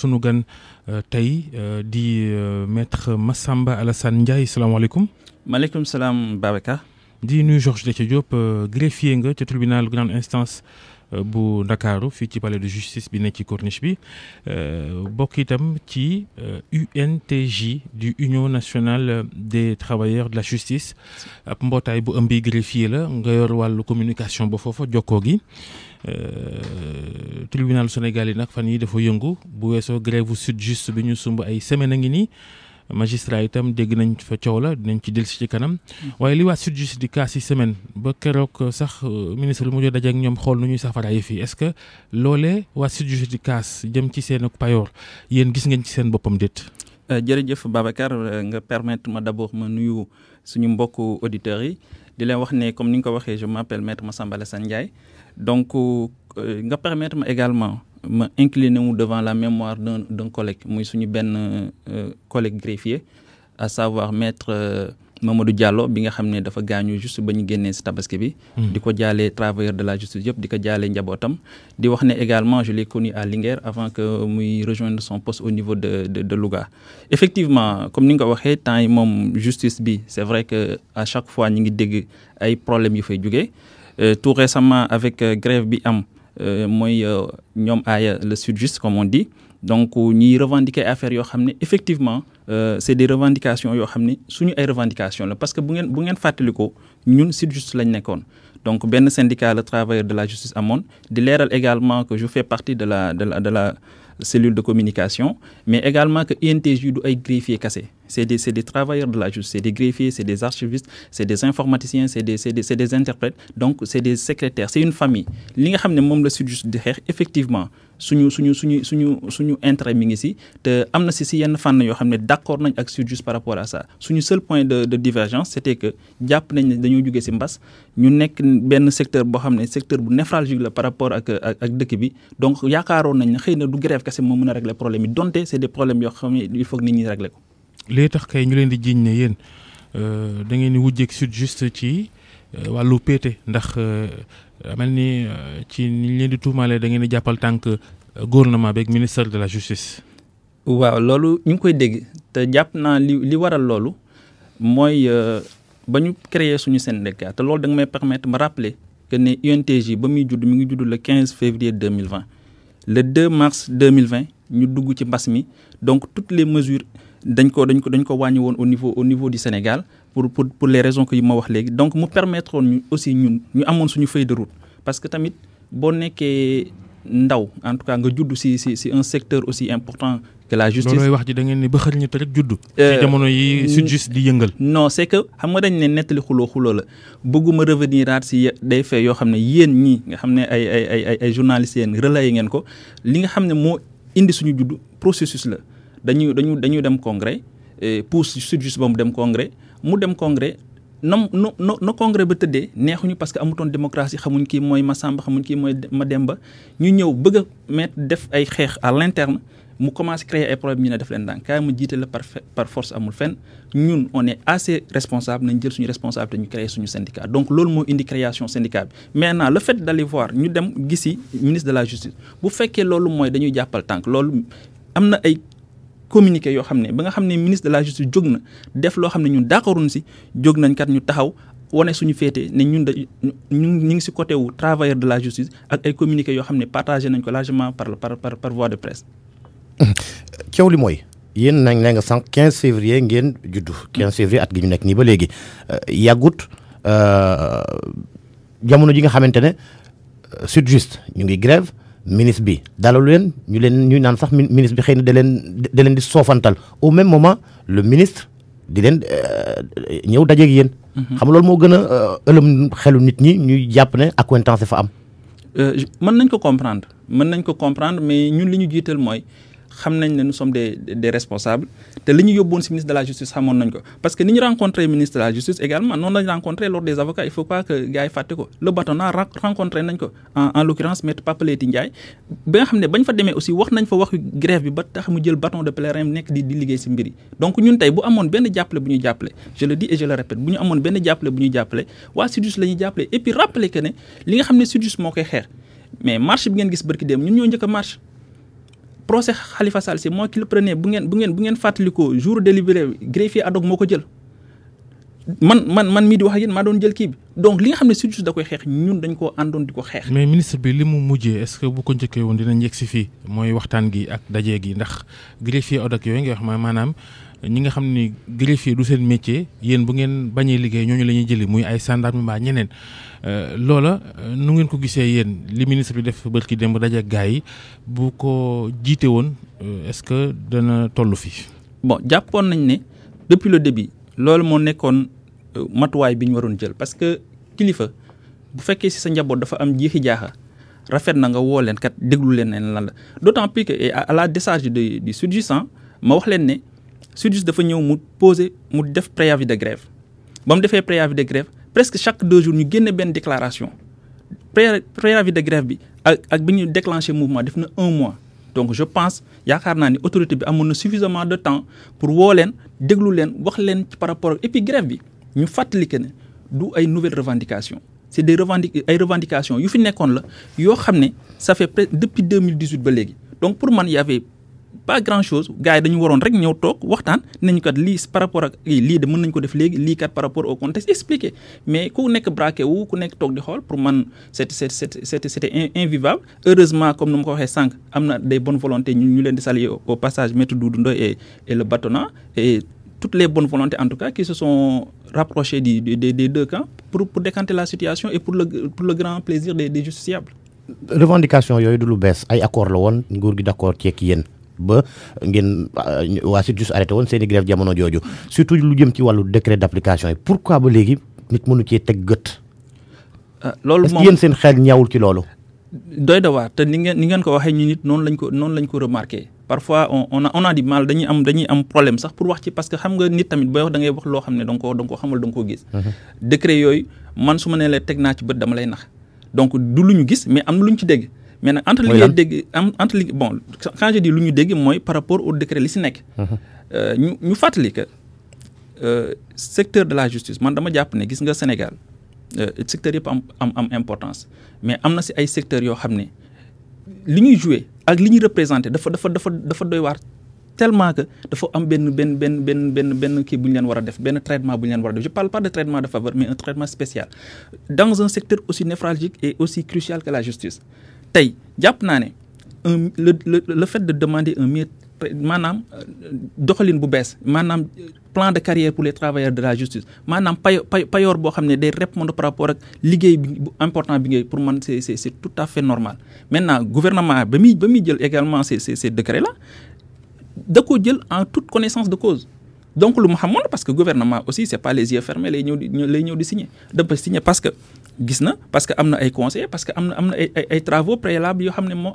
sunu gan euh, tay, euh, di euh, maître Massamba Alassane Ndiaye salaamaaleykum. maaleykum salam, Babeka. di nuyu Georges Dethié Diop greffier nga ci tribunal grande instance bu Dakar, fi ci palais de justice bi nekk ci corniche bi bokk ci UNTJ du Union nationale des travailleurs de la justice ab mbootaay bu ëmbi greffier la nga yor wàllu communication ba fofu joko gi. Euh, tribunal Sénégal yi nag fan yi dafa yëngu bu weesoo grève sud juste bi ñu sumb ay semaine a ngi nii magistrat itam dégg nañ fa coow la dinañ ci dellusi ci kanam hmm. waaye li waa sud juste di cas si semaine ba keroog sax euh, ministre mu joo dajeek ñoom xool nu ñuy safara yi fii est-ce que loolee waa sud juste di cas jëm ci seen payoor yéen gis ngañ ci seen boppam déet euh, jërëjëf Babacar nga permettre ma d'abord ma nuyu suñu mbokk auditeurs yi wax ne comme ni ko je m'appelle maître Massamba Alassane donc euh, nga permettre également ma incliner devant la mémoire d'un d'un collègue muy suñu benn euh, collègue greffier à savoir maître euh, Mamadou Diallo bi nga xam dafa gañu juste bañu ñu génnee tabaski bi. Hmm. diko jalé travailleur de la justice yëpp diko jalé njabotam di wax ne également je l'ai connu à Linger avant que muy rejoindre son poste au niveau de de de Louga. effectivement comme ni nga waxé waxee mom justice bi c'est vrai que à chaque fois ñu ngi dégg ay problèmes yu fay jugee euh, tout récemment avec euh, grève bi am euh, mooy ñom aya le sud juste comme on dit donc nous revendiquer affaire yoo xam effectivement euh, c'est des revendications yoo xam ne suñu ay revendications parce que bu ngeen bu ngeen fàttalikoo ñun si juste lañ nekkoon donc benn syndicat le travailleur de la justice amoon di leeral également que je fais partie de la de la de la cellule de communication mais également que INTJ du ay greffier cassé. C'est des, des, travailleurs de la justice, c'est des greffiers, c'est des archivistes, c'est des informaticiens, c'est des, des, des, interprètes, donc c'est des secrétaires, c'est une famille. Li nga xamné mom le sud juste de effectivement suñu suñu suñu suñu suñu intérêt mi ngi si te am na si si yenn fànn yoo xam ne d' accord nañ ak sud juste par rapport à ça suñu seul point de de divergence c'était que jàpp nañ ne dañoo jugee si mbas ñu nekk benn secteur boo xam secteur bu névralgique la par rapport ak ak ak dëkk bi donc yaakaaroon nañ ne xëy na du grève kese moo mën a régler problème yi donte c' des problèmes yoo xam il faut que ñi régler lii tax kay ñu leen di jiiñ ne euh da ngeen di ak sud juste ci euh, wàllu pété ndax euh, mel euh, ci niñ leen di tuumaale da ngeen di jappal tank gouvernement beeg ministère de la justice. waaw loolu ñu ngi koy dégg te jàpp naa li li waral loolu mooy ba ñu créer suñu syndicat te loolu da nga may permettre ma rappeler que ne UNTJ ba muy judd mi ngi judd le 15 février 2020 le 2 mars 2020 ñu dugg ci mbas mi donc toutes les mesures dañ ko dañ ko dañ ko wàññi woon au niveau au niveau du Sénégal pour pour pour les raisons que yu ma wax léegi donc mu permettre ñu aussi ñun ñu amoon suñu feuille de route parce que tamit boo nekkee ndaw en tout cas nga judd si si si un secteur aussi important que la justice loolooy wax ji da ngeen ni ba xër ñu te rek judd euh, ci jamono yi su juste di yëngal non c'est que xam nga dañ ne nettali xuloo xuloo la bëgguma revenir aat si day fee yoo xam ne yéen ñii nga xam ne ay ay ay ay journalistes yéen relais ngeen ko li nga xam ne moo indi suñu judd processus la dañu dañu dañu dem congrès pour sud juste ba mu dem congrès mu dem congrès nam no no no congrès ba tëddee neexuñu parce que amutoon démocratie xamuñ kii mooy Massamba xamuñ kii mooy Mademba ñu ñëw bëgg a mettre def ay xeex à l'interne mu commencé créer ay problèmes ñu ne def leen daan kaay mu jiite la par par force amul fenn ñun on est assez responsable nañ jël suñu responsabilité ñu créer suñu syndicat donc loolu moo indi création syndicat bi maintenant le fait d'aller voir ñu dem gisi ministre de la justice bu fekkee loolu mooy dañuy jàppal tànk loolu am na ay communiqué yoo xam ne ba nga xam ne ministre de la justice jóg na def loo xam ne ñun d'accorduñ si jóg nañ kat ñu taxaw wane suñu féete ne ñun ñu ñu ngi si côté wu travailleur de la justice ak ay communiqué yoo xam ne partagé nañ ko largement par par par par voie de presse. coow li mooy yéen nañ ne nga sànq quinze février ngeen juddu 15 février at gi ñu nekk nii ba léegi euh, yàggut euh, jamono ji nga xamante ne c'est euh, juste ñu ngi grève. ministre bi dalalu leen ñu len ñu naan sax ministre bi xeyna de da de da di sofantal au même moment le ministre di leen euh, ñëw dajeeg yeen mhm. xam lool mo gëna gën euh, xelu nit ñi ñuy jàpp ne accointance fa am. Euh, man nañ ko comprendre man nañ ko comprendre mais ñun li ñu jiital mooy xam nañ ne nous sommes des des responsables te li ñu yóbboon si ministre de la justice xamoon nañ ko parce que ni ñu rencontré ministre de la justice également noonu lañ rencontré l'ordre des avocats il faut pas que gars yi fàtte ko le bâtonnat rencontré nañ ko en en l'occurrence maître Papaleti Ndiaye ba nga xam ne bañ fa demee aussi wax nañ fa waxu grève bi ba tax mu jël bâton de pèlerin nekk di di liggéey si mbir yi donc ñun tey bu amoon benn jàppale bu ñu jàppale je le dis et je le répète bu ñu amoon benn jàppale bu ñu jàppale waa sudus la ñuy jàppale et puis rappeler que ne li nga xam ne SYTJUST moo koy xeex mais marche bi ngeen gis barki dem ñun ñoo njëkk a marche procès Khalifa Sall c'est moi qui le prenais bu ngeen bu ngeen bu jour délibéré greffier adok moko man man man mi di wax ak donc li nga xam ne da koy xeex ñun dañ ko àndoon di mais ministre bi li est-ce que bu ko njëkkee woon dinañ fii mooy gi daje gi ndax greffier ñi nga xam ni greffier du seen métier yéen bu ngeen bañee liggéey ñooñu la ñuy jëli muy ay gendarme mbaa ñeneen euh, loola euh, nu ngeen ko gisee yéen li ministre bi def barki démb daje gaa yi bu ko jiite woon euh, est ce que dana toll fi bon jàppoon nañ ne depuis le début loolu moo nekkoon matuwaay bi ñu waroon jël parce que kilifa bu fekkee si sa njaboot dafa am jiixi jaaxa rafet na nga woo leen kat déglu leen lan la d' autant plus que à la décharge du ma wax leen ne SYTJUST dafa ñëw mu poser mu def préavis de grève Bam fait defee préavis de grève presque chaque deux jours ñu génne une déclaration préavis de grève a ak ak mouvement def un mois donc je pense que naa ni autorité bi suffisamment de temps pour woo leen déglu leen wax leen par rapport et puis grève bi ñu fàttali que ne du ay revendications c'est des revendications yu fi nekkoon la ça fait depuis 2018 ba donc pour man y avait pas grand chose gars yi dañu waroon rek ñëw toog waxtaan nañu kat lii par rapport ak lii de mën nañ ko def léegi lii kat par rapport au contexte expliqué mais ku nekk braqué wu ku nekk toog di xool pour man c'est c'est c'est c'était invivable heureusement comme nu ma ko waxee sànq am na des bonnes volontés ñu ñu leen di saluer au passage maître Doudou Ndoye et et le bâtonnat et toutes les bonnes volontés en tout cas qui se sont rapprochées des, des, des deux camps pour, décanter la situation et pour le, pour le grand plaisir des, des justiciables revendication yooyu du lu bees ay accord la woon nguur gi d'accord ceeg yéen ba ngeen waa SYTJUST arrêté woon seen i grève jamono jooju surtout lu jëm ci wàllu décret d'application yi pourquoi ba léegi nit mënu cee teg gët. Ah, loolu moom yéen seen xel ñawul ci loolu. doy da waar te ni ngeen ni ngeen ko waxee ñu nit noonu lañ ko noonu lañ ko remarqué parfois on on a on a du mal dañuy am dañuy am problème sax pour wax ci parce que xam nga nit tamit booy wax da ngay wax loo xam ne da nga koo da nga koo xamal da nga koo gis. Mhm. décret yooyu man su ma nee la teg naa ci bët dama lay nax donc du lu ñu gis mais am na lu ñu ci dégg mais nag entre li ngay dégg am entre li bon quand je dis lu ñu dégg mooy par rapport au décret li si nekk mhm. euh, ñu ñu fàttali que euh, secteur de la justice man dama jàpp ne gis nga Sénégal euh, secteur yëpp am am am importance mais am na si ay secteurs yoo xam ne li ñuy joué ak li ñuy représenté dafa dafa dafa dafa doy waar tellement que dafa am benn benn benn benn benn benn kii bu ñu leen war a def benn traitement bu ñu leen war a def je parle pas de traitement de faveur mais un traitement spécial dans un secteur aussi névralgique et aussi crucial que la justice tay jàpp ne un le le le fait de demander un mieux manam euh, doxalin bu bees manam euh, plan de carrière pour les travailleurs de la justice manam payor bo boo xam day répondre par rapport à liguey important bi pour man c'est c'est tout à fait normal maintenant gouvernement ba muy ba jël également ces ces ces décrets là da ko jël en toute connaissance de cause donc lu Mohamed parce que gouvernement aussi c'est pas les yeux fermés les ñëw di signer donc signer parce que gis na parce que am na ay conseils, parce que am na am ay travaux préalables yoo xam ne moo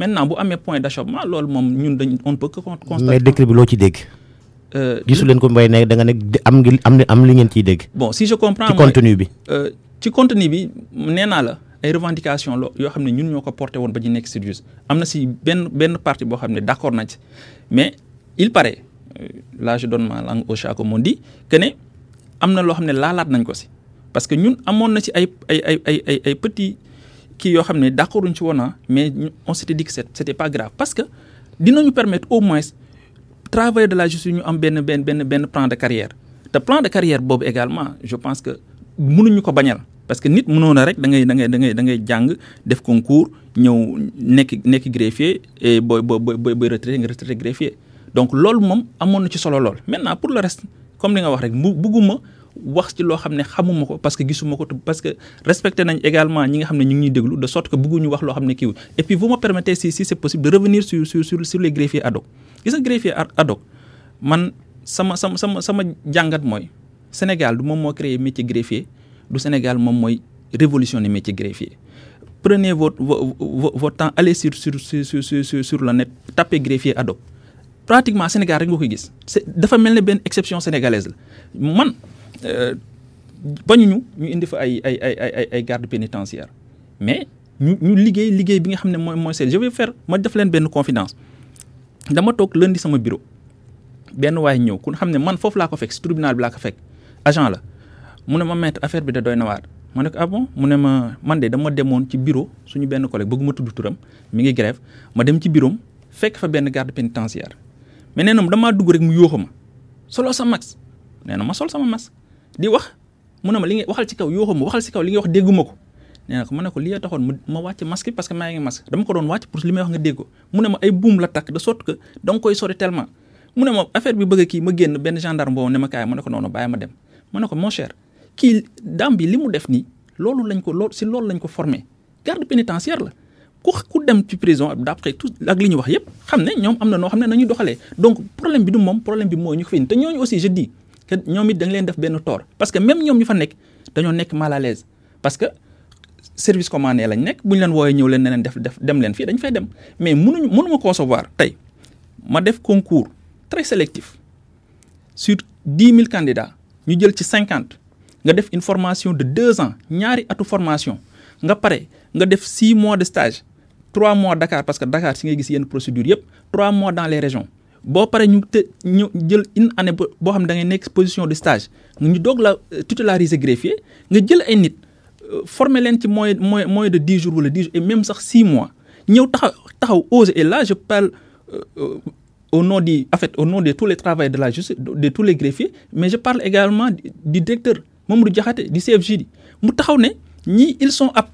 maintenant bu amee point d' achèvement loolu moom ñun on peut que constater mais décret bi loo ci dégg euh, gisu leen ko mbay ne da nga ne am am li ngeen dégg bon si je comprends ci contenu bi euh, ci contenu bi nee naa la ay revendications la yoo xam ne ñun ñoo ko porté woon ba ñu nekk sérieux am na si benn parti boo xam d'accord na ci mais il paraît là je donne ma langue au chat comme on dit que ne am na loo xam ne laalaat ko parce que ñun amoon na ci ay ay ay ay ay petit kii yoo xam d'accord ci woon mais on s'était dit que c'était pas grave parce que dinañu permettre au moins travailler de la justice ñu am benn benn benn benn plan de carrière te plan de carrière Bob également je pense que mënuñu ko bañal parce que nit mënoon na rek da ngay da ngay da ngay da ngay jàng def concours ñëw nekk nekk greffier et booy booy booy booy retraité greffier donc loolu moom amoon na ci solo maintenant pour le reste comme li nga wax rek ne parce que gisuma ko parce que nañ également ñi nga de sorte que vous wax loo xam ne et puis vous me permettez si si c'est possible de revenir sur sur sur sur les greffiers ad hoc gis greffier man sama sama sama Sénégal du moom moo créé métier greffier du Sénégal moom mooy révolutionner métier greffier prenez votre votre temps allez sur sur sur sur sur le net tapez greffier ado pratiquement Sénégal rek nga koy gis dafa mel ben exception sénégalaise la man euh, bañuñu ñu indi fa ay ay ay ay ay garde pénitentiaire mais ñu ñu liggéey liggéey bi nga xam ne mooy mooy seen je vais faire ma def leen benn confidence dama toog lundi sama bureau benn waay ñëw ku xam ne man foofu laa ko fekk si tribunal bi laa ko fekk agent la mu ne ma maître affaire bi da doy na waar ma ne ko ah bon mu ne ma man de dama demoon ci bureau suñu benn collègue bëgguma tudd turam mi ngi grève ma dem ci bureau fekk fa benn garde pénitentiaire mais nee na damaa dugg rek mu yóoxu ma solo sa max nee na ma sol sama masque di wax mu ne ma li nga waxal ci kaw yóoxu ma waxal ci kaw li nga wax dégguma ko nee ko ma ne li nga taxoon ma ma wàcc masque parce que maa ngi masque dama ko doon wàcc pour li may wax nga dégg ko que da nga koy sori bi bëgg kii ma génn benn gendarme boobu ne ma kaay ma ne ko noonu bàyyi ma dem ma ne ko mon cher kii dame bi li mu def nii loolu lañ ko loolu si loolu lañ ko formé garde pénitentiaire la ku ku dem ci prison d'après tout ak li ñu wax yëpp xam ne ñoom am na noo xam ne nañuy doxalee donc problème bi du moom problème bi mooy ñu ko fi te ñooñu aussi je dis que ñoom it da leen def benn tort parce que même ñoom ñu fa nekk dañoo nekk mal à l'aise parce que service commandé lañ nekk bu ñu leen wooyee ñëw leen ne leen def def dem leen fii dañ fay dem mais mënuñu mënuma concevoir tey ma def concours très sélectif sur dix mille candidats ñu jël ci 50 nga def une formation de 2 ans ñaari atu formation nga pare nga def 6 mois de stage trois mois Dakar parce que Dakar si une procédure trois mois dans les régions Bon par ñu nous ñu une année xam une de stage ñu doog la euh, titulariser greffier nga jël ay nit euh, formé leen ci moyen de 10 jours ou dix jours et même ça, 6 mois Nous avons taxaw et là je parle euh, au nom de en fait au nom de tous les travailleurs de la justice de tous les greffiers mais je parle également du directeur Mamadou Diakhaté du CFJ mu taxaw ne ils sont aptes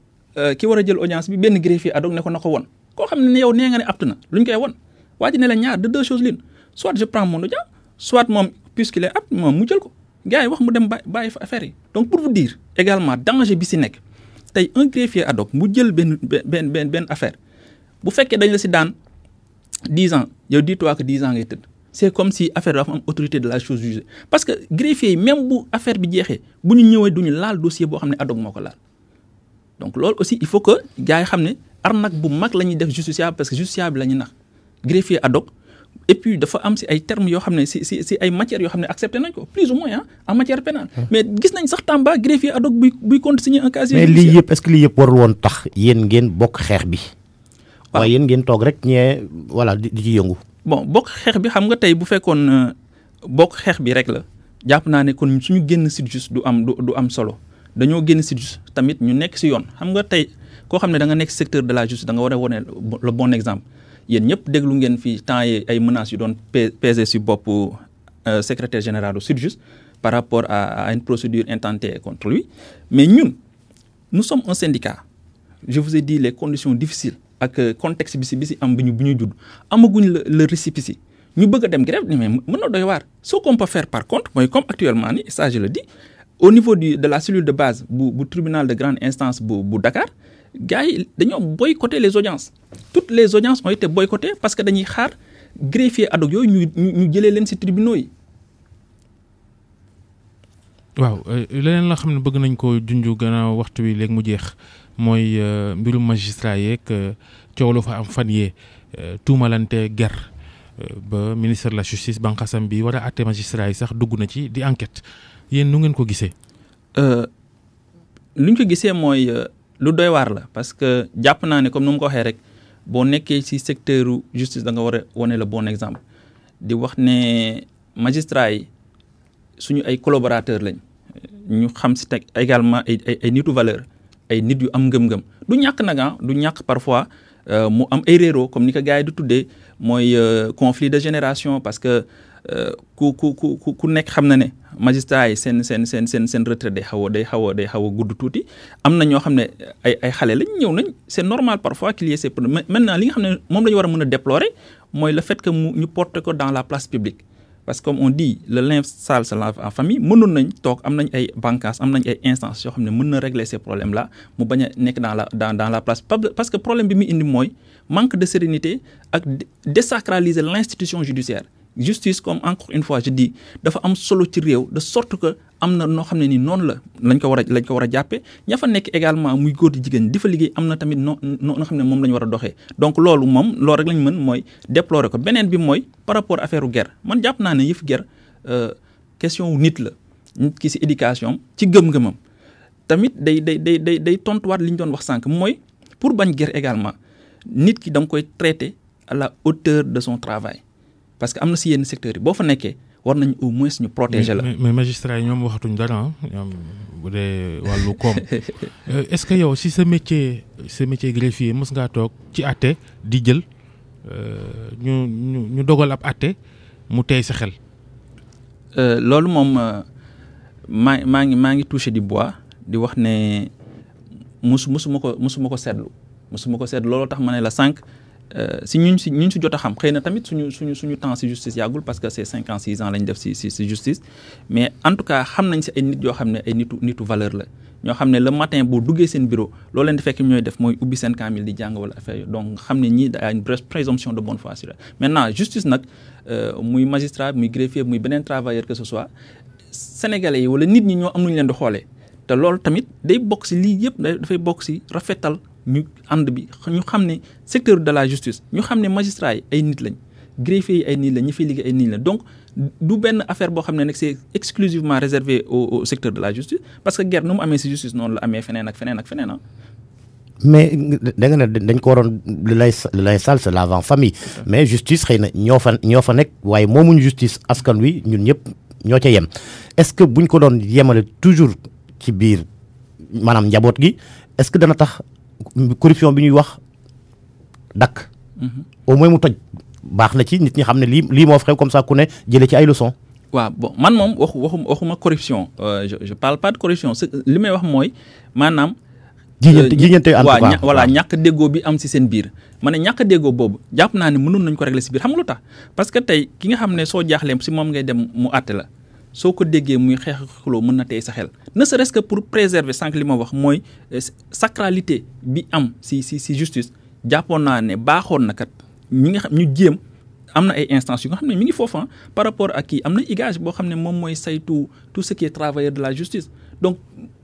Euh, ki war a jël audience bi benn greffier ad ne ko na ko won koo xam ne yow nee nga ne apte na lu ñu koy won waa ji ne la ñaar de deux choses l'une soit je prends mon audience soit moom il est apte moom mu jël ko gars yi wax mu dem bàyyi fa affaire yi donc pour vous dire également danger bi si nekk tey un greffier ad mu jël benn benn benn benn affaire bu fekkee dañ la si daan dix ans yow dis-toi que dix ans ngay tëdd c'est comme si affaire dafa am autorité de la chose jugée parce que greffier yi même bu affaire bi jeexee bu ñu ñëwee duñu laal dossier boo xam ne ad hoc moo ko laal donc loolu aussi il faut que gars xamné xam arnaque bu mag lañuy def justiciable parce que justiciable la nax greffier ad hoc et puis dafa am si ay termes yoo xam ne si si si ay matières yoo xam ne accepté nañ ko plus ou moins hein en matière pénale mais gis nañ sax Tamba greffier ad hoc buy buy compte signer un casier. mais lii yëpp est-ce que lii yëpp warul woon tax yéen ngeen bokk xeex bi. waaw waaye yéen ngeen toog rek ñee voilà di ci yëngu. bon bokk xeex bi xam nga tey bu fekkoon euh, bokk xeex bi rek la jàpp naa ne kon suñu génn site juste du am du am solo dañoo génn si juste tamit ñu nekk si yoon xam nga tey koo xam ne da nga nekk secteur de la justice da nga war a le bon exemple yéen ñëpp déglu ngeen fi temps yi ay menaces yu doon pesé si bopp euh, secrétaire général du justice par rapport à une procédure intentée contre lui mais ñun nous sommes un syndicat je vous ai dit les conditions difficiles ak contexte bi si bi si am bi ñu ñu judd amaguñ le le récépissé ñu bëgg a dem grève mais mën na doy waar ce qu'on peut faire par contre mooy comme actuellement ni ça je le dis au niveau du de la cellule de base du tribunal de grande instance de Dakar gars yi dañoo boycotté les audiences toutes les audiences ont été boycottées parce que dañuy xaar greffier ad hoc yooyu ñu ñu jëlee leen ci tribunaux yi. waaw euh, leneen la xam ne bëgg nañ ko junju gannaaw waxtu bi léegi mu jeex mooy euh, mbirum magistrat yeeg euh, coow lu fa am fan yee tuumalante ger ba ministre de la justice bànqaasam bi war a àtte magistrat yi sax dugg na ci di enquête yéen nu ngeen ko gisee. Euh, lu ñu ko gisee mooy euh, lu doy waar la parce que jàpp naa ne comme nu mu ko waxee rek boo nekkee ci secteuru justice da nga war a wane le bon exemple di wax ne magistrats yi suñu ay collaborateurs lañ ñu xam ci teg également ay ay ay nitu valeur ay nit yu am ngëm-ngëm du ñàkk nag ah du ñàkk parfois. Euh, mu am ay réeroo comme ni ko gars yi di tuddee mooy conflit de génération parce que euh, ku ku ku ku nekk xam na ne magistrat yi seen seen seen seen seen retraite day xaw a day xaw a day xaw a gudd tuuti am na ñoo ay ay xale lañ ñëw nañ c'est normal parfois qu'il y ait ces problèmes maintenant li nga xam ne moom la ñu a mën a déplorer mooy le fait que mu ñu porter ko dans la place publique parce que comme on dit le linge sale se lave en famille mënoon nañ toog am nañ ay bancas am nañ ay instances yoo xam ne mën régler ces problèmes là mu bañ a dans la dans dans la place parce que problème bi muy indi mooy manque de sérénité ak désacraliser l'institution judiciaire justice comme encore une fois je dis dafa am solo de sorte que am na noo ni noonu la lañ ko war a également muy góor di jigéen di fa tamit donc rek lañ mën par rapport affaire guerre man jàpp guerre euh, question nit la nit ki éducation ci gëm-gëmam tamit day day day day day tontuwaat doon wax pour guerre également nit ki da koy à la hauteur de son travail parce que am na si yenn secteur yi boo fa nekkee war nañ au moins ñu protéger la. mais magistrat yi ñoom waxatuñ dara ñoom bu dee wàllu koom euh, est ce que yow si sa métier sa métier greffier mës ngaa toog ci até di jël euh, ñu ñu ñu dogal ab até mu tey sa xel. Euh, loolu moom maa maa ngi maa ngi touché di bois di wax ne mus musuma ko musuma ko seetlu musuma ko seetlu looloo tax ma ne la sànq. Euh, si ñuñ si ñuñ si jot a xam xëy na tamit suñu suñu suñu temps si justice yàggul parce que c'est cinq ans six ans lañ def si si si justice mais en tout cas xam nañ si ay nit yoo xam ne ay nitu nitu valeur la ñoo xam ne le matin bu duggee seen bureau loo leen di fekk ñooy def mooy ubbi seen kaamil di jàng wala affaire donc xam ne ñii daa une présomption de bonne foi sur maintenant justice nag euh, muy magistrat muy greffier muy beneen travailleur que ce soit sénégalais yi wala nit ñi ñoo am lu leen di xoolee te loolu tamit day bokk si lii yëpp dafay bokk si rafetal nous ànd bi ñu secteur de la justice ñu xam les magistrats ay greffiers donc du affaire c'est exclusivement réservé au secteur de la justice parce que guerre nous justice noonu la ak ah. mais da nga dañ ko c'est l'avant-famille mais justice nous na ñoo justice askan wi ñun ca est-ce que buñ ko toujours ci biir est-ce que tax corruption bi ñuy wax dakk mhm. au moins mu toj baax na ci nit ñi xam li li mo xew comme ça ku ne jël ci ay leçons. waaw bon man mom wax waxuma waxuma corruption euh, je je parle pas de corruption li may wax moy manam jiñante euh, jiñante en tout cas voilà ñàkk déggoo bi am ci seen biir. mané ne ñàkk déggoo japp na ni ne nañ ko régler ci biir xam nga lutax parce que tay ki nga xam so soo ci si ngay dem mu atté la soo ko déggee muy xeex xuloo mën na tey sa xel ne serait-ce que pour préserver sànq li ma wax mooy euh, sacralité bi am si si si justice jàppoon naa ne baaxoon na kat ñi nga xam ñu jéem am na ay instances yu nga xam ne mi ngi foofu ah, par rapport ak kii am na IGAJ boo xam ne moom mooy saytu tout ce qui est travailleur de la justice donc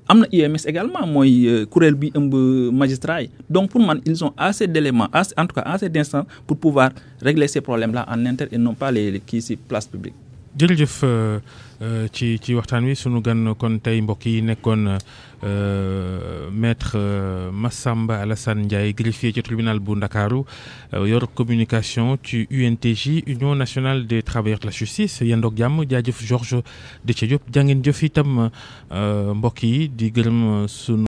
am na également mooy euh, kuréel bi ëmb magistrat yi donc pour man ils ont assez d'éléments en tout cas assez d'instances pour pouvoir régler ces problèmes là en interne et non pas les kii si place publique jërëjëf euh, euh, ci ci waxtaan wi sunu gan kon tey mbokk yi nekkoon euh, maître Massamba Alassane Ndiaye greffier ci tribunal bu Ndakaaru yor communication ci UNTJ Union nationale des travailleurs de la justice yendoog jàmm jaajëf Georges de Diop jàngeen jëf itam mbokk yi di gërëm sunu